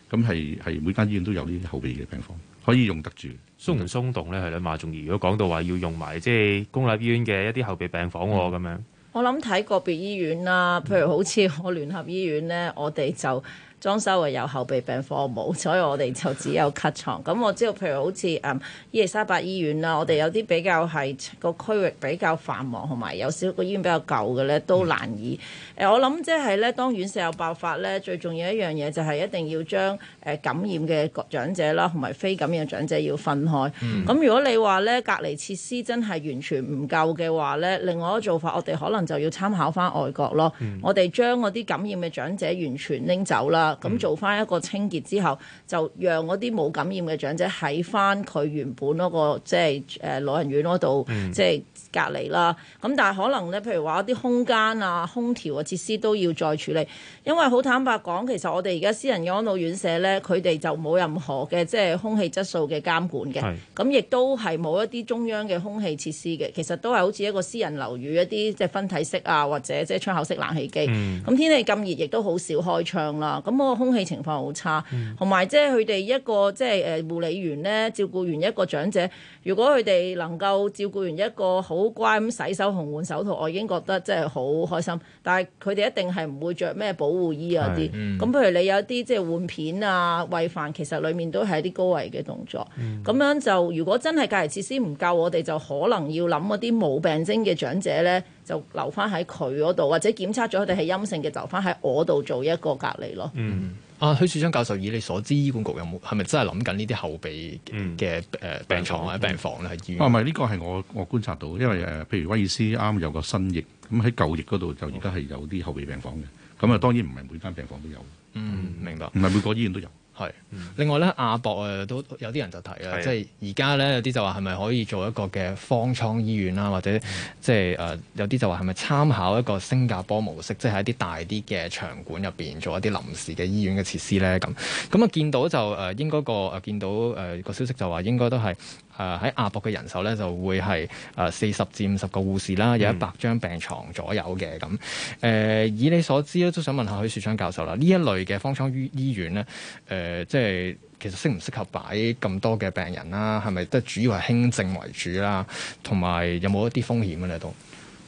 S4: 咁係係每間醫院都有呢啲後備嘅病房，可以用
S3: 得住。鬆唔、嗯、鬆，鬆動咧？係啦，馬仲儀如果講到話要用埋，即、就、係、是、公立醫院嘅一啲後備病房喎咁樣。
S1: 嗯、我諗睇個別醫院啦，譬如好似我聯合醫院咧，嗯、我哋就。裝修啊，有後備病房冇？所以我哋就只有咳床。t 咁、嗯、我知道，譬如好似誒、嗯、伊麗莎白醫院啦，我哋有啲比較係個區域比較繁忙，同埋有少個醫院比較舊嘅咧，都難以誒、嗯嗯。我諗即係咧，當院舍有爆發咧，最重要一樣嘢就係一定要將誒感染嘅長者啦，同埋非感染嘅長者要分開。咁、嗯嗯嗯嗯、如果你話咧隔離設施真係完全唔夠嘅話咧，另外一個做法，我哋可能就要參考翻外國咯。嗯、我哋將嗰啲感染嘅長者完全拎走啦。咁、嗯、做翻一個清潔之後，就讓嗰啲冇感染嘅長者喺翻佢原本嗰、嗰個即係誒老人院嗰度、嗰個，即、就、係、是、隔離啦。咁、嗯、但係可能咧，譬如話啲空間啊、空調啊、設施都要再處理，因為好坦白講，其實我哋而家私人嘅安老院舍咧，佢哋就冇任何嘅即係空氣質素嘅監管嘅，咁對 亦都係冇一啲中央嘅空氣設施嘅。其實都係好似一個私人樓宇一啲即係分體式啊，或者即係窗口式冷氣機。咁、嗯嗯嗯、天氣咁熱，亦都好少開窗啦。咁、嗯咁個空氣情況好差，同埋即係佢哋一個即係誒護理員咧照顧完一個長者，如果佢哋能夠照顧完一個好乖咁洗手同換手套，我已經覺得真係好開心。但係佢哋一定係唔會着咩保護衣啊啲。咁、嗯、譬如你有一啲即係換片啊、餵飯，其實裡面都係啲高危嘅動作。咁、嗯、樣就如果真係隔離設施唔夠，我哋就可能要諗嗰啲冇病徵嘅長者咧。就留翻喺佢嗰度，或者檢測咗，佢哋係陰性嘅，就翻喺我度做一個隔
S2: 離咯。嗯，啊，許樹昌教授，以你所知，醫管局有冇係咪真係諗緊呢啲後備嘅誒病牀啊、病房咧？喺醫院？哦房，唔係、啊，
S4: 呢個係我我觀察到，因為誒，譬如威爾斯啱有個新翼，咁喺舊翼嗰度就而家係有啲後備病房嘅。咁啊，當然唔係每間病房都有。
S2: 嗯，
S4: 明白。唔係每個醫院都有。係，另外咧亞博誒都有啲人就提啦，的即係
S2: 而家咧有啲就話係咪可以做一個嘅方艙醫院啦、啊，或者即係誒有啲就話係咪參考一個新加坡模式，即係喺啲大啲嘅場館入邊做一啲臨時嘅醫院嘅設施咧咁，咁啊見到就誒、呃、應該個誒見到誒、呃、個消息就話應該都係。誒喺、呃、亞博嘅人手咧就會係誒四十至五十個護士啦，有一百張病床左右嘅咁。誒、呃、以你所知咧，都想問下許樹昌教授啦，呢一類嘅方艙醫醫院咧，誒、呃、即係其實適唔適合擺咁多嘅病
S4: 人啦？係咪都係主要係輕症為主啦？同埋有冇一啲風險咧都？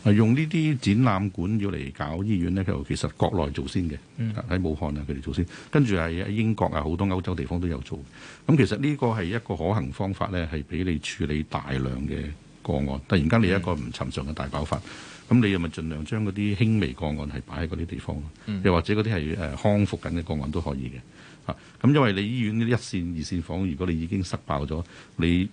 S4: 啊！用呢啲展覽館要嚟搞醫院咧，佢其實國內做先嘅，喺、嗯、武漢啊，佢哋做先。跟住係喺英國啊，好多歐洲地方都有做。咁、嗯、其實呢個係一個可行方法咧，係俾你處理大量嘅個案。突然間你一個唔尋常嘅大爆發，咁、嗯、你係咪盡量將嗰啲輕微個案係擺喺嗰啲地方？又、嗯、或者嗰啲係誒康復緊嘅個案都可以嘅。嚇、啊！咁因為你醫院呢啲一線、二線房，如果你已經塞爆咗，你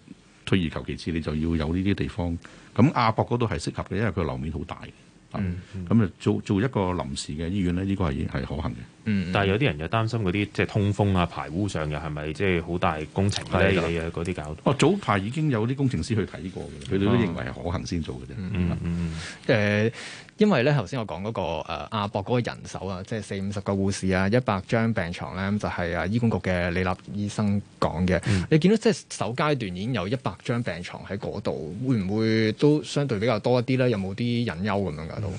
S4: 退而求其次，你就要有呢啲地方。咁亞博嗰度係適合嘅，因為佢樓面好大，咁啊、嗯嗯、做做一個臨時嘅醫院咧，呢、這個係已可行嘅。嗯、但係有
S3: 啲人又擔心嗰啲即係通風啊、排污上又係咪即係好大工程咧？係啊，嗰啲
S2: 搞
S4: 哦，早排已經有啲工程師去睇過嘅，佢哋、啊、都認
S3: 為
S2: 係可行先做嘅啫、嗯。嗯，
S4: 嗯、
S2: 呃、因為咧頭先我講嗰、那個亞、啊、博嗰個人手啊，即係四五十個護士啊，一百張病床咧，就係、是、啊醫管局嘅李立醫生講嘅。嗯、你見到即係首階段已經有一百張病床喺嗰度，會唔會都相對比較多一啲咧？有冇啲隱憂咁樣噶都？嗯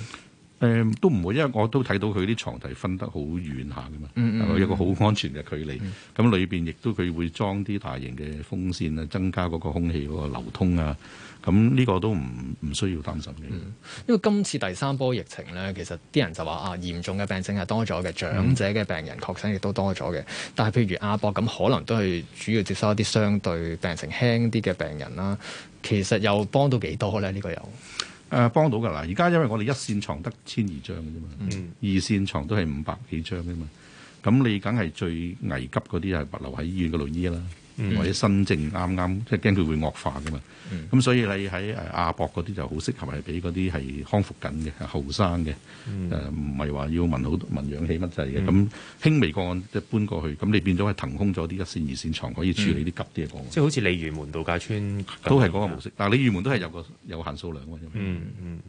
S4: 誒、呃、都唔會，因為我都睇到佢啲床台分得好遠下嘅嘛，嗯嗯、一個好安全嘅距離？咁裏邊亦都佢會裝啲大型嘅風扇啊，增加嗰個空氣嗰、嗰個流通啊。咁呢個都唔唔需要擔心嘅、嗯。
S2: 因為今次第三波疫情呢，其實啲人就話啊，嚴重嘅病症係多咗嘅，長者嘅病人確診亦都多咗嘅。嗯、但係譬如阿博咁，可能都係主要接收一啲相對病
S4: 情輕啲嘅病人啦。其實又幫到幾多呢？呢、呢個又？誒、啊、幫到㗎啦！而家因為我哋一線床得千二張嘅啫嘛，嗯、二線床都係五百幾張嘅嘛，咁你梗係最危急嗰啲係留喺醫院度醫啦。嗯、或者新症啱啱，即係驚佢會惡化噶嘛。咁、嗯、所以你喺亞、呃、博嗰啲就適、嗯呃、好適合係俾嗰啲係康復緊嘅後生嘅，誒唔係話要聞好聞氧氣乜滯嘅。咁、嗯、輕微個案即搬過去，咁你變咗係騰空咗啲一,一線二線牀，可以處理啲急啲嘅個案。嗯、即係好似鯉魚門度假村都係嗰個模式，啊、但係鯉魚門都係有個有限數量嘅。嗯嗯。嗯嗯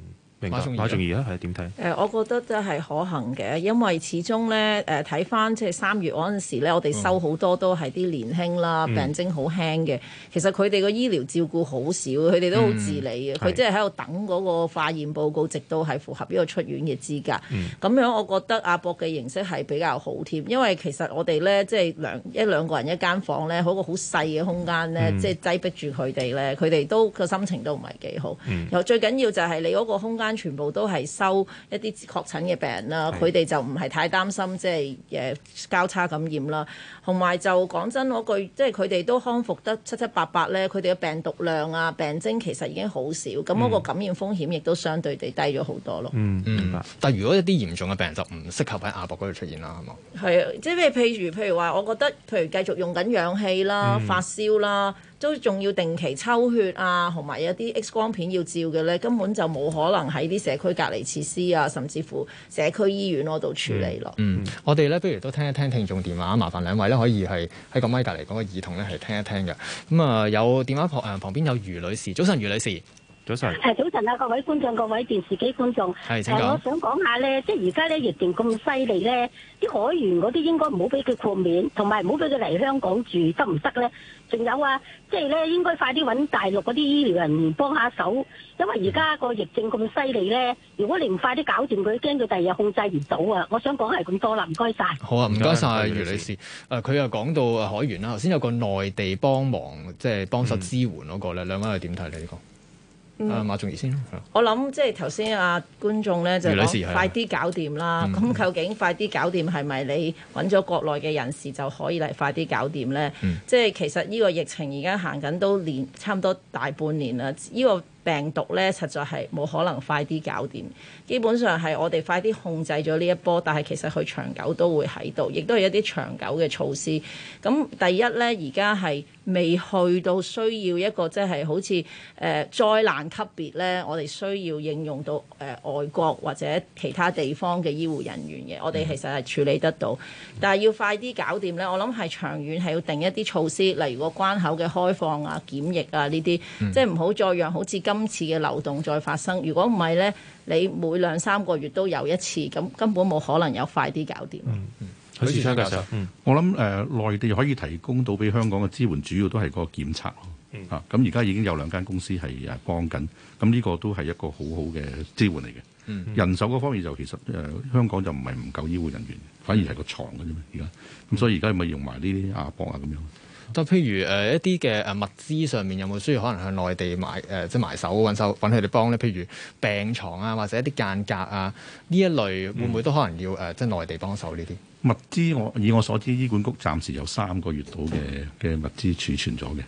S4: 馬馬仲儀啊，係點睇？
S1: 誒，我覺得都係可行嘅，因為始終咧，誒睇翻即係三月嗰陣時咧，我哋收好多都係啲年輕啦，嗯、病徵好輕嘅。其實佢哋個醫療照顧好少，佢哋都好自理嘅。佢即係喺度等嗰個化驗報告，直到係符合呢個出院嘅資格。咁、嗯、樣我覺得阿博嘅形式係比較好添，因為其實我哋咧即係兩一兩個人一間房咧，嗰個好細嘅空間咧，嗯、即係擠逼住佢哋咧，佢哋都個心情都唔係幾好。又、嗯、最緊要就係你嗰個空間。全部都係收一啲確診嘅病人啦，佢哋是就唔係太擔心即係誒交叉感染啦。同埋就講真，嗰句即係佢哋都康復得七七八八咧，佢哋嘅病毒量啊、病徵其實已經好少，咁嗰個感染風險亦都相對地低咗好多咯、嗯。嗯，
S2: 明、嗯、但係如果一啲嚴重嘅病人就唔適合喺亞博嗰度出現啦，係嘛？
S1: 係啊，即係譬如譬如話，我覺得譬如繼續用緊氧氣啦、嗯、發燒啦。都仲要定期抽血啊，同埋有啲 X 光片要照嘅咧，根本就冇可能喺啲社區隔離設施啊，甚至乎社區醫院嗰、啊、度處理咯、嗯。
S2: 嗯，我哋咧不如都聽一聽聽眾電話，麻煩兩位咧可以係喺個咪隔籬嗰個耳筒咧係聽一聽嘅。咁、嗯、啊，有電話旁誒邊有余女士，早晨余女士，早晨
S1: Sir。早晨啊，各位觀眾，各位電視機觀眾，係、呃、我想講下咧，即係而家咧疫情咁犀利咧，啲海員嗰啲應該唔好俾佢豁免，同埋唔好俾佢嚟香港住，得唔得咧？仲有啊，即係咧，應該快啲揾大陸嗰啲醫療人員幫下手，因為而家個疫症咁犀利咧，如果你唔快啲搞掂佢，驚佢第二日控制唔到啊！我想講係咁多啦，唔該晒。
S2: 好啊，唔該曬，余女士。誒，佢又講到啊，海員啦，頭先有個內地幫忙，即係幫手支援嗰個咧，兩位點睇你呢個？嗯嗯、啊，馬仲儀先，
S1: 我諗即係頭先阿觀眾咧就快啲搞掂啦。咁、啊、究竟快啲搞掂係咪你揾咗國內嘅人士就可以嚟快啲搞掂咧？嗯、即係其實呢個疫情而家行緊都年差唔多大半年啦。呢、呢個病毒咧實在係冇可能快啲搞掂。基本上係我哋快啲控制咗呢一波，但係其實佢長久都會喺度，亦都係一啲長久嘅措施。咁第一咧，而家係。未去到需要一個即係好似誒、呃、災難級別咧，我哋需要應用到誒、呃、外國或者其他地方嘅醫護人員嘅，我哋其實係處理得到。但係要快啲搞掂咧，我諗係長遠係要定一啲措施，例如個關口嘅開放啊、檢疫啊呢啲，嗯、即係唔好再讓好似今次嘅流動再發生。如果唔係咧，你每兩三個月都有一次，咁根本冇可能有快啲搞掂。嗯嗯
S4: 喺市場架上，嗯、我諗誒、呃、內地可以提供到俾香港嘅支援，主要都係嗰個檢測嚇。咁而家已經有兩間公司係誒幫緊，咁、嗯、呢、這個都係一個好好嘅支援嚟嘅。嗯、人手嗰方面就其實誒、呃、香港就唔係唔夠醫護人員，反而係個牀㗎啫嘛。而家咁，所以而家咪用埋呢啲亞博啊咁、啊、樣。就譬如誒一啲嘅誒物
S2: 資上面有冇需要，可能向內地買誒、呃、即係埋手揾手揾佢哋幫咧？譬如病床啊，或者一啲間隔啊，呢一類會唔會都可能要誒、嗯呃、即係內地幫手呢啲
S4: 物資？我，以我所知，醫管局暫時有三個月到嘅嘅物資儲存咗嘅。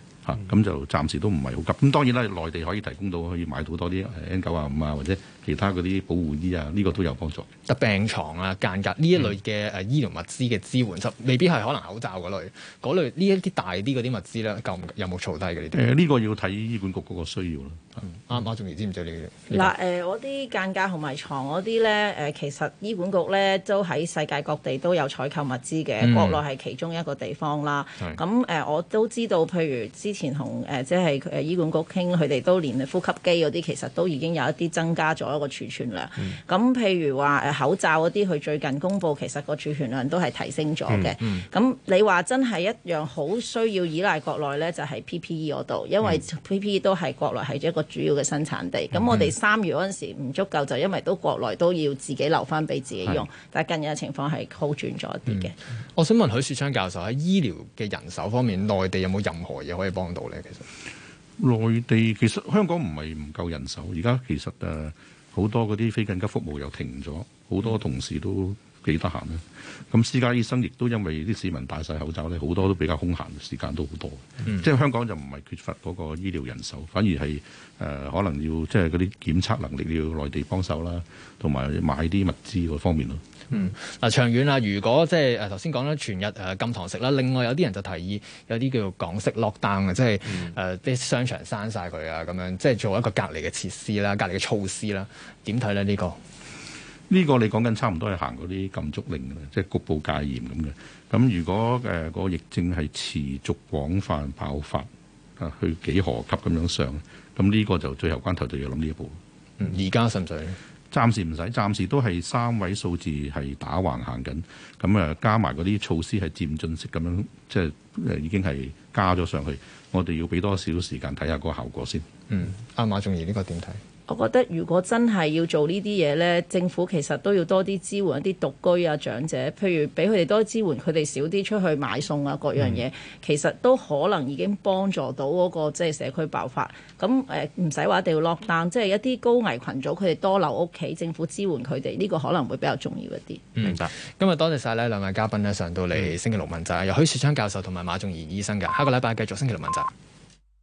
S4: 咁就暫時都唔係好急。咁當然啦，內地可以提供到，可以買到多啲 N 九啊五啊，或者其他嗰啲保護衣啊，呢個都有幫助。就病床啊、間隔呢一類嘅誒醫療物資嘅
S2: 支援，就未必係可能口罩嗰類，嗰類呢一啲大啲嗰啲物資咧夠有冇儲低嘅呢
S4: 啲？呢個要睇醫管局嗰個需要啦。啱啱仲怡知唔知
S2: 你。
S1: 嗱誒，我啲間隔同埋床嗰啲咧，誒其實醫管局咧都喺世界各地都有採購物資嘅，國內係其中一個地方啦。咁誒，我都知道，譬如以前同誒、呃、即係誒、呃、醫管局傾，佢哋都連呼吸機嗰啲，其實都已經有一啲增加咗一個儲存量。咁、嗯、譬如話誒、呃、口罩嗰啲，佢最近公布其實個儲存量都係提升咗嘅。咁、嗯嗯、你話真係一樣好需要依賴國內咧，就係、是、PPE 嗰度，因為 PPE 都係國內係一個主要嘅生產地。咁、嗯、我哋三月嗰陣時唔足夠，就因為都國內都要自己留翻俾自己用。嗯嗯、但係近日嘅情況係好轉咗啲
S2: 嘅。我想問許樹昌教授喺醫療嘅人手方面，內地有冇任何嘢可以幫？講
S4: 到咧，其實內地其實香港唔係唔夠人手，而家其實誒好、啊、多嗰啲非緊急服務又停咗，好多同事都。幾得閒咧？咁私家醫生亦都因為啲市民戴晒口罩咧，好多都比較空閒，時間都好多。嗯、即係香港就唔係缺乏嗰個醫療人手，反而係誒、呃、可能要即係嗰啲檢測能力要內地幫手啦，同埋買啲物資嗰方面咯。嗯，嗱、啊、長遠啊，如果即係誒頭
S2: 先講啦，全日誒、啊、禁堂食啦，另外有啲人就提議有啲叫港式 lockdown 啊、嗯呃，即係誒啲商場閂晒佢啊，咁樣即係做一個隔離嘅設施啦、隔離嘅措施啦，點睇咧呢、呢個？
S4: 呢個你講緊差唔多係行嗰啲禁足令嘅，即係局部戒嚴咁嘅。咁如果誒、呃嗰個疫症係持續廣泛爆發，啊去幾何級咁樣上，咁呢個就最後關頭就要諗呢一步。嗯，而家使唔使？暫時唔使，暫時都係三位數字係打橫行緊。咁、嗯、誒加埋嗰啲措施係漸進式咁樣，即係誒、呃、已經係加咗上去。我哋要俾多少時間睇下嗰個效果先。嗯，阿、啊、馬仲儀呢個點睇？
S1: 我覺得如果真係要做呢啲嘢呢，政府其實都要多啲支援一啲獨居啊長者，譬如俾佢哋多支援，佢哋少啲出去買餸啊各樣嘢，其實都可能已經幫助到嗰、那個即係社區爆發。咁誒唔使話一定要落單，即係一啲高危群組佢哋多留屋企，政府支援佢哋，呢、這個可能會比較重要一啲。
S2: 明白、嗯。今日多謝晒呢兩位嘉賓呢。上到嚟星期六問責，由許樹昌教授同埋馬仲儀醫生㗎。下個禮拜繼續星期六問責。